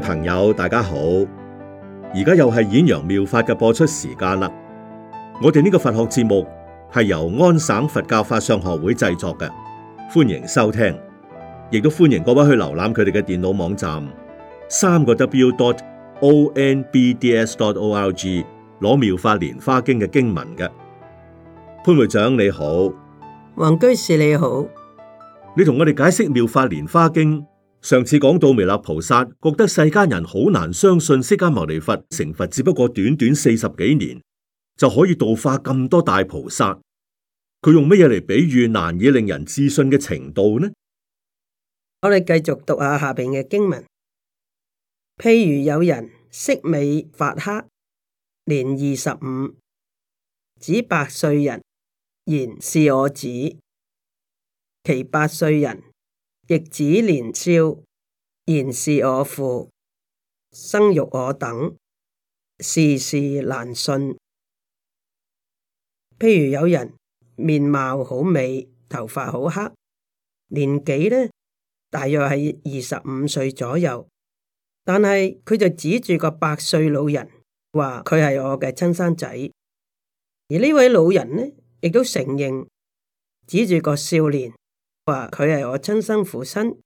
朋友，大家好！而家又係演揚妙法嘅播出時間啦。我哋呢個佛學節目係由安省佛教法相學會製作嘅，歡迎收聽，亦都歡迎各位去瀏覽佢哋嘅電腦網站，三個 W dot O N B D S dot O R G 攞妙法蓮華經嘅經文嘅。潘會長你好，黃居士你好，你同我哋解釋妙法蓮華經。上次講到彌勒菩薩，覺得世間人好難相信釋迦牟尼佛成佛只不過短短四十幾年就可以度化咁多大菩薩，佢用乜嘢嚟比喻難以令人置信嘅程度呢？我哋繼續讀下下邊嘅經文，譬如有人色美髮黑，年二十五，指百歲人，言是我子，其百歲人。亦指年少，言是我父生育我等，事事難信。譬如有人面貌好美，頭髮好黑，年紀呢，大約係二十五歲左右，但係佢就指住個百歲老人，話佢係我嘅親生仔，而呢位老人呢亦都承認，指住個少年。話佢係我親生父親，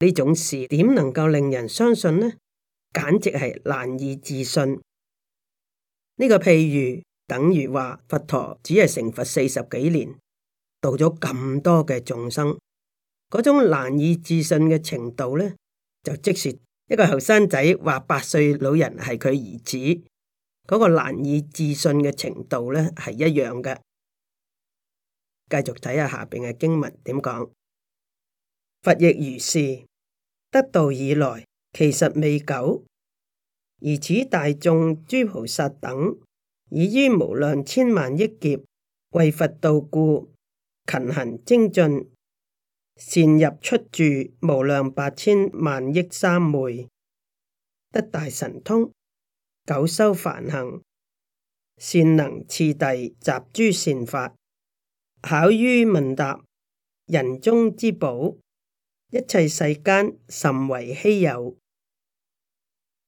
呢種事點能夠令人相信呢？簡直係難以置信。呢、這個譬喻等於話佛陀只係成佛四十幾年，度咗咁多嘅眾生，嗰種難以置信嘅程度呢，就即是一個後生仔話八歲老人係佢兒子，嗰、那個難以置信嘅程度呢係一樣嘅。繼續睇下下邊嘅經文點講，佛亦如是，得道以來其實未久，而此大眾諸菩薩等，以於無量千萬億劫為佛道故，勤行精進，善入出住無量百千萬億三昧，得大神通，久修梵行，善能次第集諸善法。巧於問答，人中之寶，一切世間甚為稀有。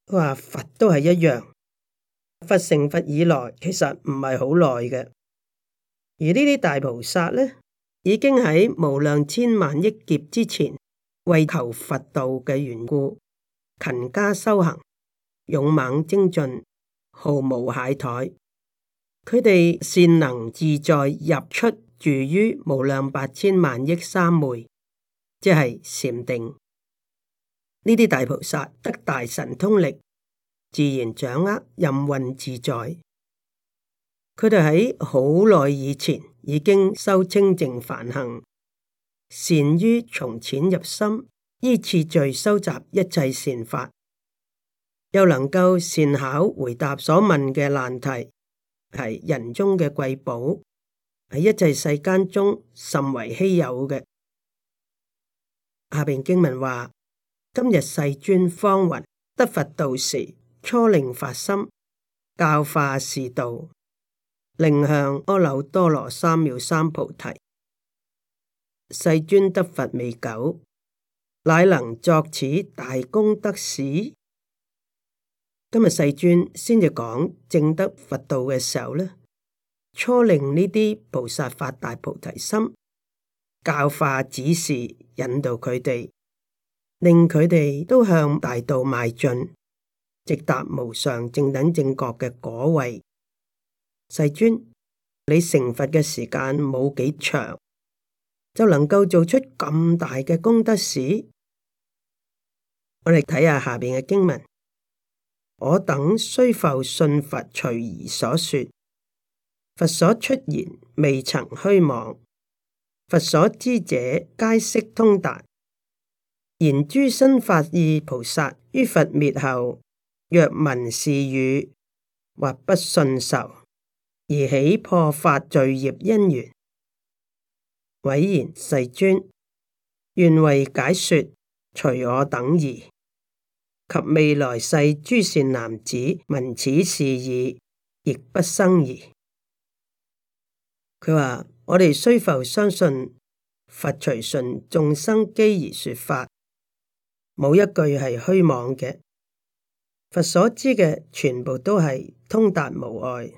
話佛都係一樣，佛成佛以來，其實唔係好耐嘅。而呢啲大菩薩呢，已經喺無量千萬億劫之前，為求佛道嘅緣故，勤加修行，勇猛精進，毫無懈怠。佢哋善能自在入出。住於無量八千萬億三昧，即係禪定。呢啲大菩薩得大神通力，自然掌握任運自在。佢哋喺好耐以前已經修清淨梵行，善於從淺入深，依次序收集一切善法，又能夠善巧回答所問嘅難題，係人中嘅貴寶。喺一切世間中甚為稀有嘅。下邊經文話：今日世尊方云得佛道時，初令發心，教化示導，令向阿耨多羅三藐三菩提。世尊得佛未久，乃能作此大功德事。今日世尊先至講正得佛道嘅時候咧。初令呢啲菩薩發大菩提心，教化指示，引導佢哋，令佢哋都向大道邁進，直達無上正等正覺嘅果位。世尊，你成佛嘅時間冇幾長，就能夠做出咁大嘅功德事。我哋睇下下邊嘅經文：我等雖復信佛隨而所說。佛所出言未曾虛妄，佛所知者皆悉通達。然諸新發意菩薩於佛滅後，若聞是語或不信受，而起破法罪業因緣，唯然世尊，願為解說，除我等疑及未來世諸善男子聞此事已，亦不生疑。佢話：我哋雖復相信佛隨順眾生機而說法，冇一句係虛妄嘅。佛所知嘅全部都係通達無礙。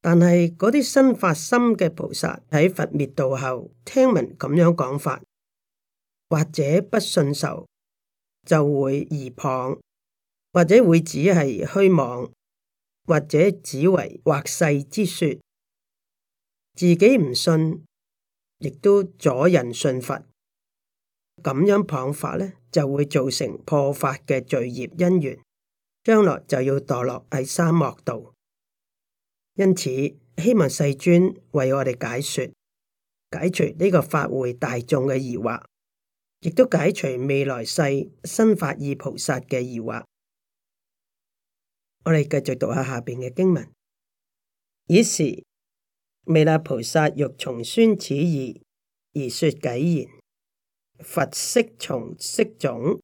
但係嗰啲新發心嘅菩薩喺佛滅度後聽聞咁樣講法，或者不信受，就會疑謗，或者會只係虛妄，或者只為惑世之說。自己唔信，亦都阻人信佛，咁樣謗法咧，就會造成破法嘅罪業因緣，將來就要墮落喺三惡道。因此，希望世尊為我哋解說，解除呢個法會大眾嘅疑惑，亦都解除未來世新發意菩薩嘅疑惑。我哋繼續讀下下面嘅經文。爾時，彌勒菩薩欲重宣此義而說偈言：佛昔從釋種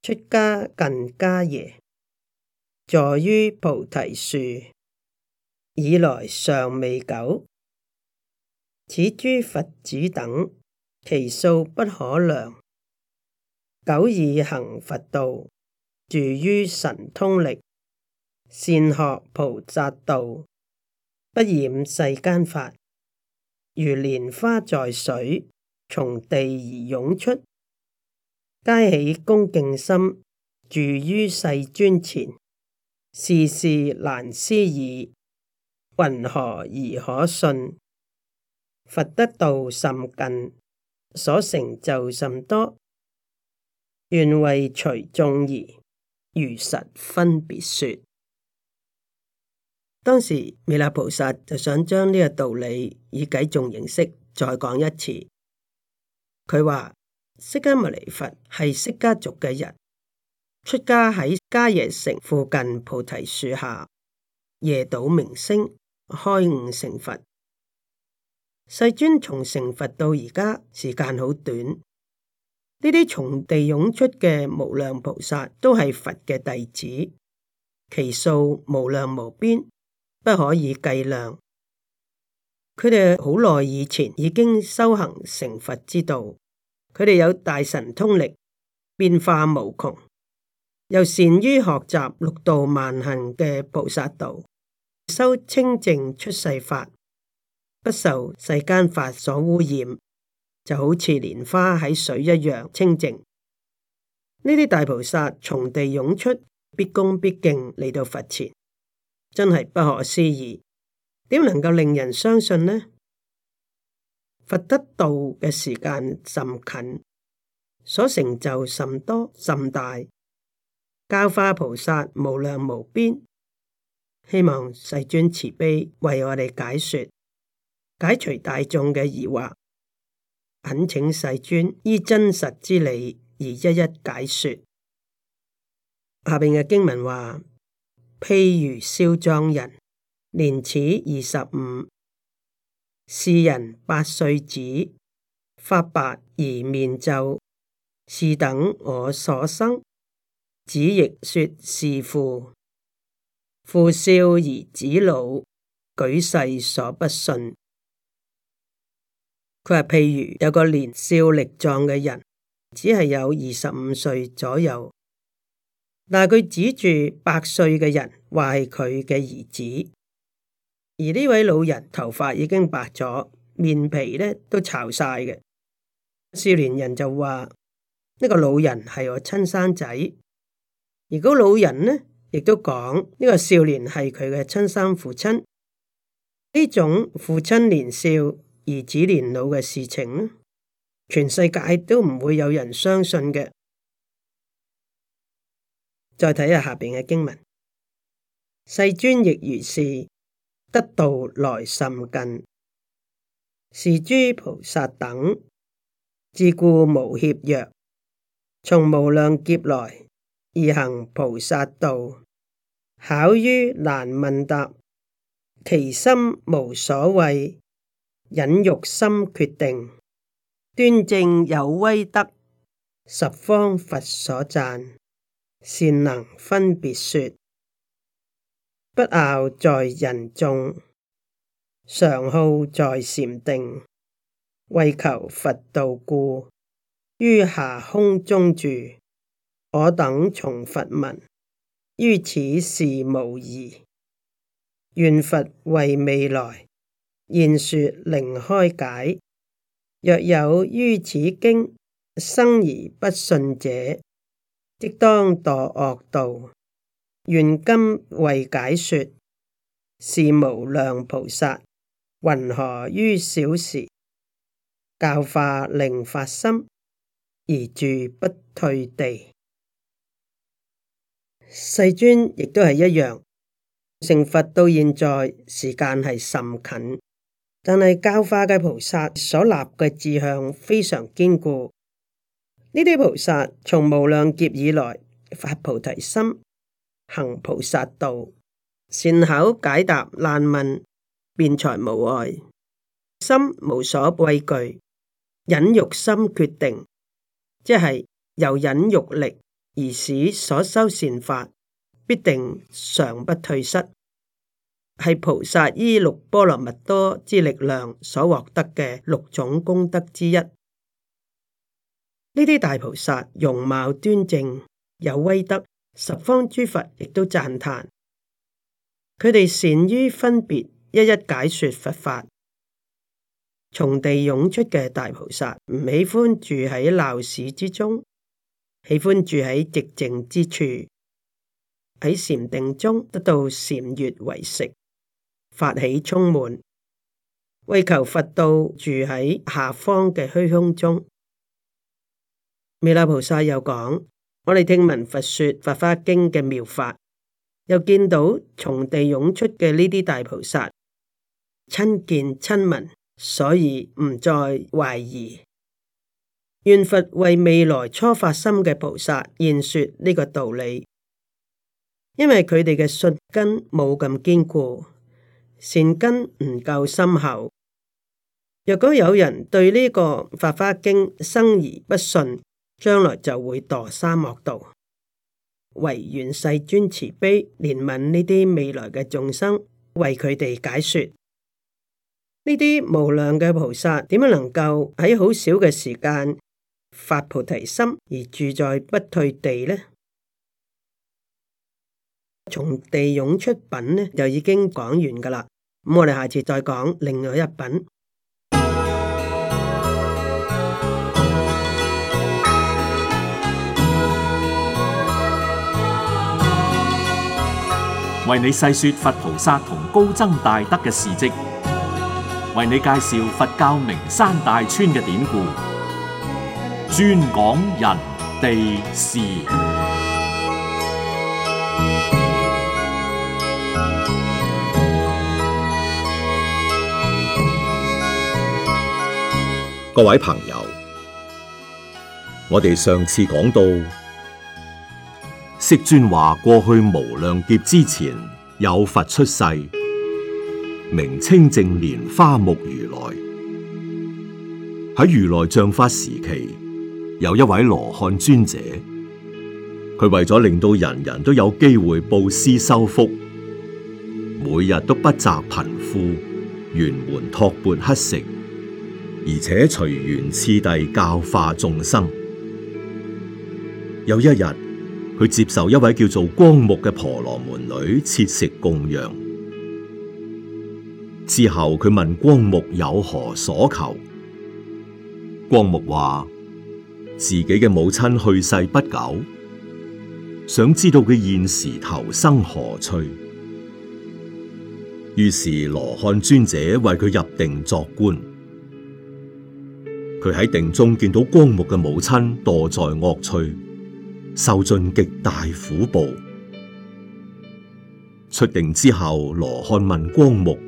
出家近伽耶？坐於菩提樹以來尚未久。此諸佛子等其數不可量，久已行佛道，住於神通力，善學菩薩道。不染世間法，如蓮花在水，從地而涌出，皆起恭敬心，住於世尊前，事事難思議，云何而可信？佛得道甚近，所成就甚多，願為隨眾而如實分別說。當時，彌勒菩薩就想將呢個道理以偈頌形式再講一次。佢話：釋迦牟尼佛係釋迦族嘅人，出家喺迦耶城附近菩提樹下夜睹明星，開悟成佛。世尊從成佛到而家時間好短，呢啲從地湧出嘅無量菩薩都係佛嘅弟子，其數無量無邊。不可以計量，佢哋好耐以前已經修行成佛之道，佢哋有大神通力，變化無窮，又善於學習六度萬行嘅菩薩道，修清淨出世法，不受世間法所污染，就好似蓮花喺水一樣清淨。呢啲大菩薩從地湧出，必恭必敬嚟到佛前。真係不可思議，點能夠令人相信呢？佛得道嘅時間甚近，所成就甚多甚大，教化菩薩無量無邊。希望世尊慈悲為我哋解說，解除大眾嘅疑惑。懇請世尊依真實之理而一一解說。下邊嘅經文話。譬如少壯人年始二十五，是人八歲子，髮白而面皺，是等我所生。子亦說是父，父少而子老，舉世所不信。佢話譬如有個年少力壯嘅人，只係有二十五歲左右。但係，佢指住百歲嘅人話係佢嘅兒子，而呢位老人頭髮已經白咗，面皮咧都巢晒嘅。少年人就話呢、呢個老人係我親生仔，而嗰老人呢亦都講呢、呢個少年係佢嘅親生父親。呢種父親年少，兒子年老嘅事情咧，全世界都唔會有人相信嘅。再睇下下邊嘅經文，世尊亦如是，得道來甚近，是諸菩薩等志固無怯弱，從無量劫來而行菩薩道，巧於難問答，其心無所畏，忍辱心決定，端正有威德，十方佛所讚。善能分別說，不樂在人眾，常好在禪定，為求佛道故，於下空中住。我等從佛聞，於此事無疑。願佛為未來，演說令開解。若有於此經生疑不信者，即當墮惡道，願今為解說：是無量菩薩云何於小時教化令發心而住不退地？世尊亦都係一樣，成佛到現在時間係甚近，但係教化嘅菩薩所立嘅志向非常堅固。呢啲菩薩從無量劫以來發菩提心，行菩薩道，善口解答難問，辯才無礙，心無所畏懼，忍辱心決定，即係由忍辱力而使所修善法必定常不退失，係菩薩依六波羅蜜多之力量所獲得嘅六種功德之一。呢啲大菩薩容貌端正，有威德，十方諸佛亦都讚歎。佢哋善於分別，一一解說佛法。從地涌出嘅大菩薩唔喜歡住喺鬧市之中，喜歡住喺寂靜之處，喺禪定中得到禪悅為食，發起充滿，為求佛道住喺下方嘅虛空中。彌勒菩薩又講：我哋聽聞佛說《法花經》嘅妙法，又見到從地涌出嘅呢啲大菩薩親見親聞，所以唔再懷疑。願佛為未來初發心嘅菩薩演說呢個道理，因為佢哋嘅信根冇咁堅固，善根唔夠深厚。若果有人對呢、這個《法花經》生而不信，將來就會墮沙漠道，惟願世尊慈悲憐憫呢啲未來嘅眾生，為佢哋解說呢啲無量嘅菩薩點樣能夠喺好少嘅時間發菩提心而住在不退地呢？從地涌出品呢，就已經講完㗎喇，咁我哋下次再講另外一品。為你細說佛菩薩同高僧大德嘅事跡，為你介紹佛教名山大川嘅典故，專講人地事。各位朋友，我哋上次講到。釋尊話：過去無量劫之前，有佛出世，名清淨蓮華目如來。喺如來像法時期，有一位羅漢尊者，佢為咗令到人人都有機會布施修福，每日都不擇貧富，沿門托缽乞食，而且隨緣次第教化眾生。有一日。佢接受一位叫做光目嘅婆羅門女切食供養。之後佢問光目有何所求，光目話自己嘅母親去世不久，想知道佢現時投生何趣。於是羅漢尊者為佢入定作觀，佢喺定中見到光目嘅母親墮在惡趣。受盡極大苦報。出定之後，羅漢問光目：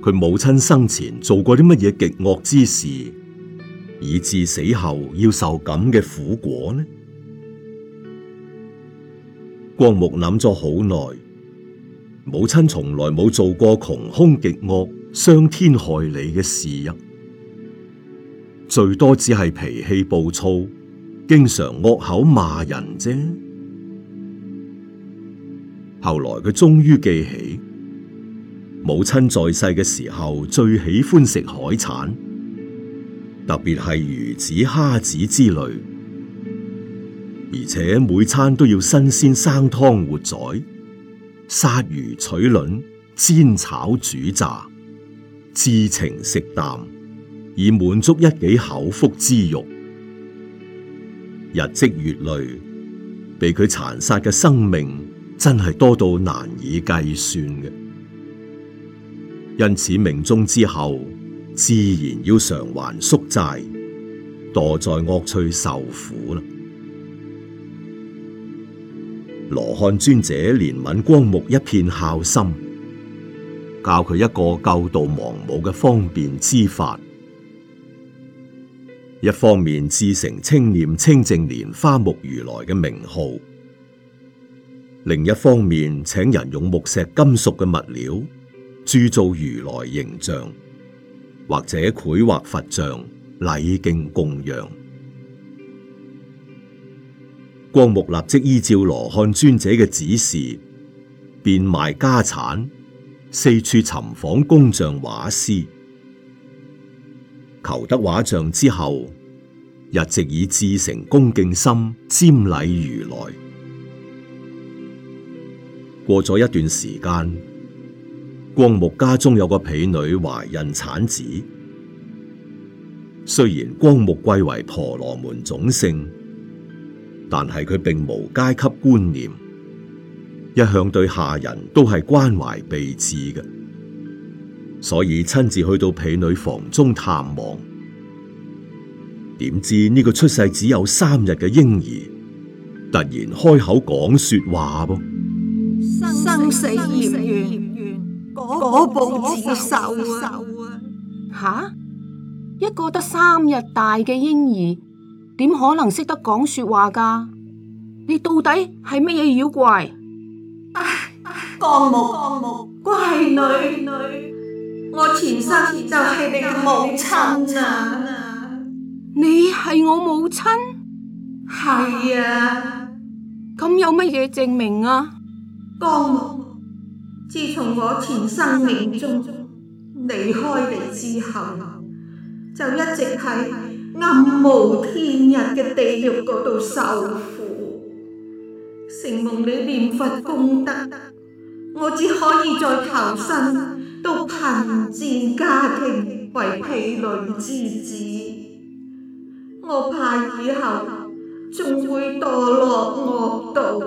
佢母親生前做過啲乜嘢極惡之事，以致死後要受咁嘅苦果呢？光目諗咗好耐，母親從來冇做過窮兇極惡、傷天害理嘅事，一最多只係脾氣暴躁。經常惡口罵人啫。後來佢終於記起，母親在世嘅時候最喜歡食海產，特別係魚子蝦，蝦子之類，而且每餐都要新鮮生劏活宰，殺魚取卵，煎炒煮炸，知情食淡，以滿足一己口腹之欲。日積月累，被佢殘殺嘅生命真係多到難以計算嘅，因此命中終之後，自然要償還宿債，墮在惡趣受苦啦。羅漢尊者憐憫光目一片孝心，教佢一個救度亡母嘅方便之法。一方面自成清廉清淨蓮花目如來嘅名號，另一方面請人用木石金屬嘅物料鑄造如來形象，或者繪畫佛像，禮敬供養。光目立即依照羅漢尊者嘅指示，變賣家產，四處尋訪工匠畫師。求得畫像之後，一直以至誠恭敬心瞻禮如來。過咗一段時間，光目家中有個婢女懷孕產子。雖然光目貴為婆羅門種姓，但係佢並無階級觀念，一向對下人都係關懷備至嘅。所以親自去到婢女房中探望，點知呢個出世只有三日嘅嬰兒突然開口講說話噃。生死孽緣，果報自受啊！吓，一個得三日大嘅嬰兒，點可能識得講說話噶？你到底係乜嘢妖怪？乾母，乾母，乖女女。我前生就係你嘅母親啊！你係我母親？係啊！咁有乜嘢證明啊？江，自從我前生命中離開你之後，就一直喺暗無天日嘅地獄嗰度受苦。承蒙你念佛功德，我只可以再投生。都貧賤家庭，為婢女之子，我怕以後仲會墮落惡道。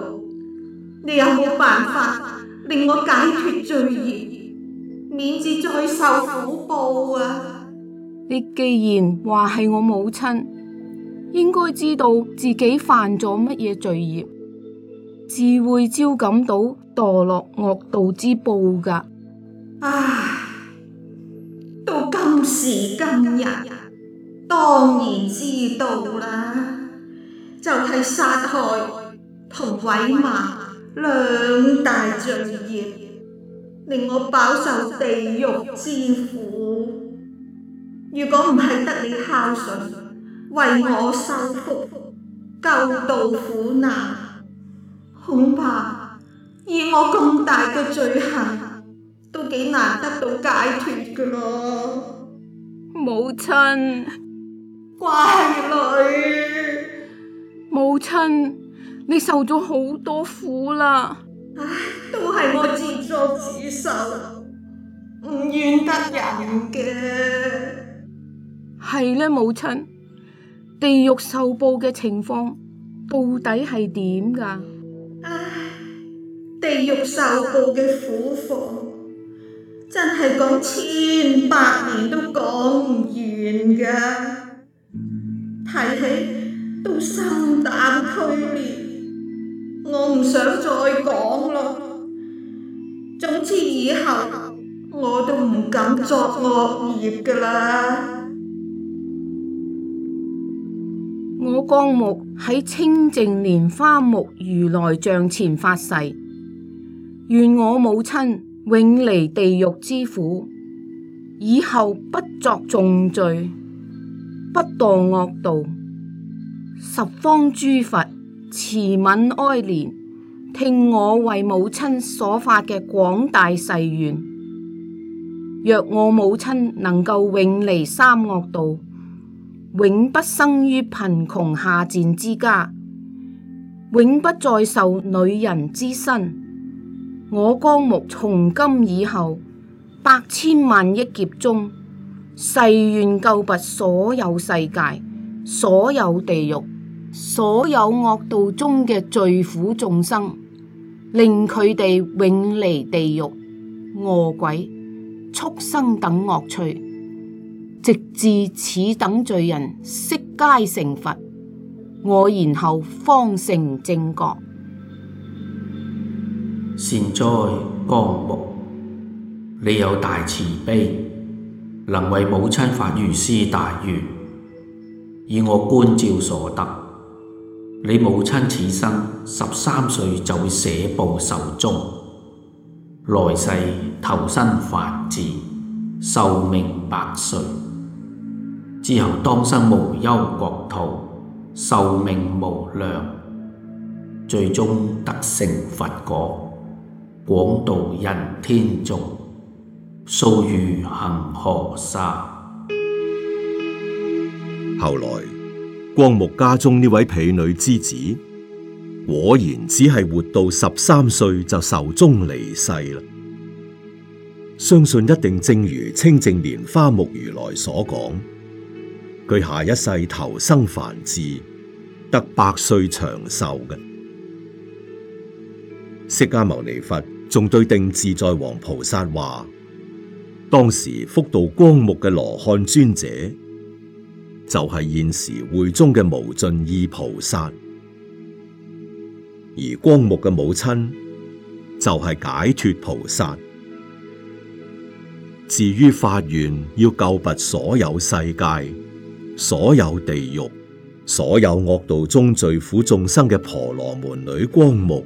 你有冇辦法令我解脫罪業，免至再受苦報啊？你既然話係我母親，應該知道自己犯咗乜嘢罪業，自會招感到墮落惡道之報噶。唉，到今時今日，當然知道啦，就係殺害同毀罵兩大罪孽，令我飽受地獄之苦。如果唔係得你孝順，為我修福，救度苦難，恐怕以我咁大嘅罪行。都幾難得到解脱噶，母親，乖女，母親，你受咗好多苦啦。唉，都係我自作自受，唔怨得人嘅。係呢，母親，地獄受報嘅情況到底係點噶？唉，地獄受報嘅苦況。真係講千百年都講唔完噶，提起都心膽俱裂，我唔想再講啦。總之以後我都唔敢作惡業噶啦。我光目喺清淨蓮花目如來像前發誓，願我母親。永離地獄之苦，以後不作重罪，不墮惡道。十方諸佛慈憫哀憐，聽我為母親所發嘅廣大誓願。若我母親能夠永離三惡道，永不生於貧窮下賤之家，永不再受女人之身。我光目從今以後，百千萬億劫中，誓願救拔所有世界、所有地獄、所有惡道中嘅罪苦眾生，令佢哋永離地獄、餓鬼、畜生等惡趣，直至此等罪人悉皆成佛，我然後方成正覺。善哉，光目，你有大慈悲，能為母親發如是大願，以我觀照所得，你母親此生十三歲就會捨報壽終，來世投身梵志，壽命百歲，之後當生無憂國土，壽命無量，最終得成佛果。廣度人天眾，數如恒河沙。後來光目家中呢位婢女之子，果然只係活到十三歲就壽終離世啦。相信一定正如清淨蓮花目如來所講，佢下一世投生梵志，得百歲長壽嘅釋迦牟尼佛。仲對定自在王菩薩話：當時福度光目嘅羅漢尊者，就係、是、現時會中嘅無盡意菩薩；而光目嘅母親，就係解脫菩薩。至於發願，要救拔所有世界、所有地獄、所有惡道中最苦眾生嘅婆羅門女光目。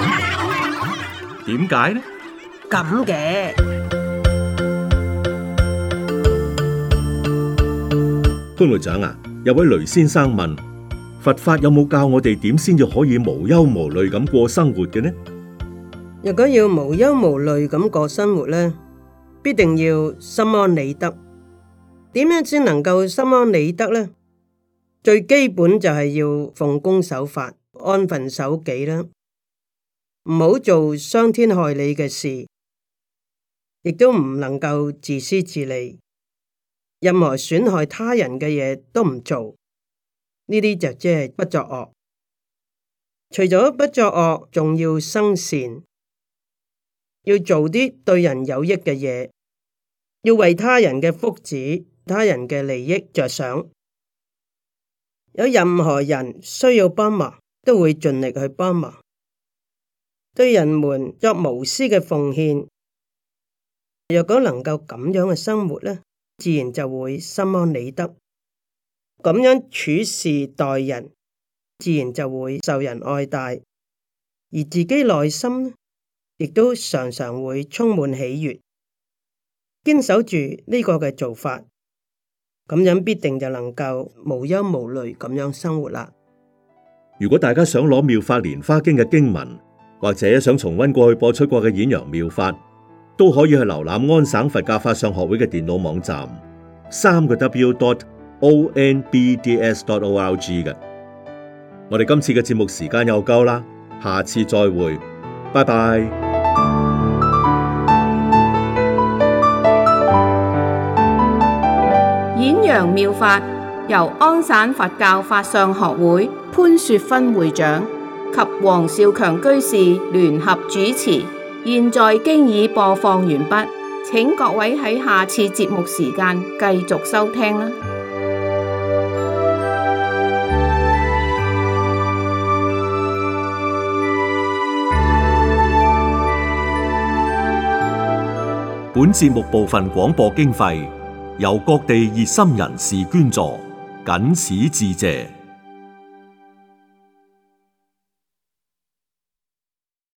點解呢？咁嘅潘會長啊，有位雷先生問：佛法有冇教我哋點先至可以無憂無慮咁過生活嘅呢？若果要無憂無慮咁過生活咧，必定要心安理得。點樣先能夠心安理得呢？最基本就係要奉公守法、安分守己啦。唔好做傷天害理嘅事，亦都唔能夠自私自利，任何損害他人嘅嘢都唔做。呢啲就即係不作惡。除咗不作惡，仲要生善，要做啲對人有益嘅嘢，要為他人嘅福祉、他人嘅利益着想。有任何人需要幫忙，都會盡力去幫忙。對人們作無私嘅奉獻，若果能夠咁樣嘅生活咧，自然就會心安理得。咁樣處事待人，自然就會受人愛戴，而自己內心呢，亦都常常會充滿喜悅。堅守住呢個嘅做法，咁樣必定就能夠無憂無慮咁樣生活啦。如果大家想攞《妙法蓮華經》嘅經文，或者想重溫過去播出過嘅演揚妙法，都可以去瀏覽安省佛教法相學會嘅電腦網站，三個 W dot O N B D S dot O L G 嘅。我哋今次嘅節目時間又夠啦，下次再會，拜拜。演揚妙法由安省佛教法相學會潘雪芬會長。及王少強居士聯合主持，現在經已播放完畢，請各位喺下次節目時間繼續收聽啦。本節目部分廣播經費由各地熱心人士捐助，謹此致謝。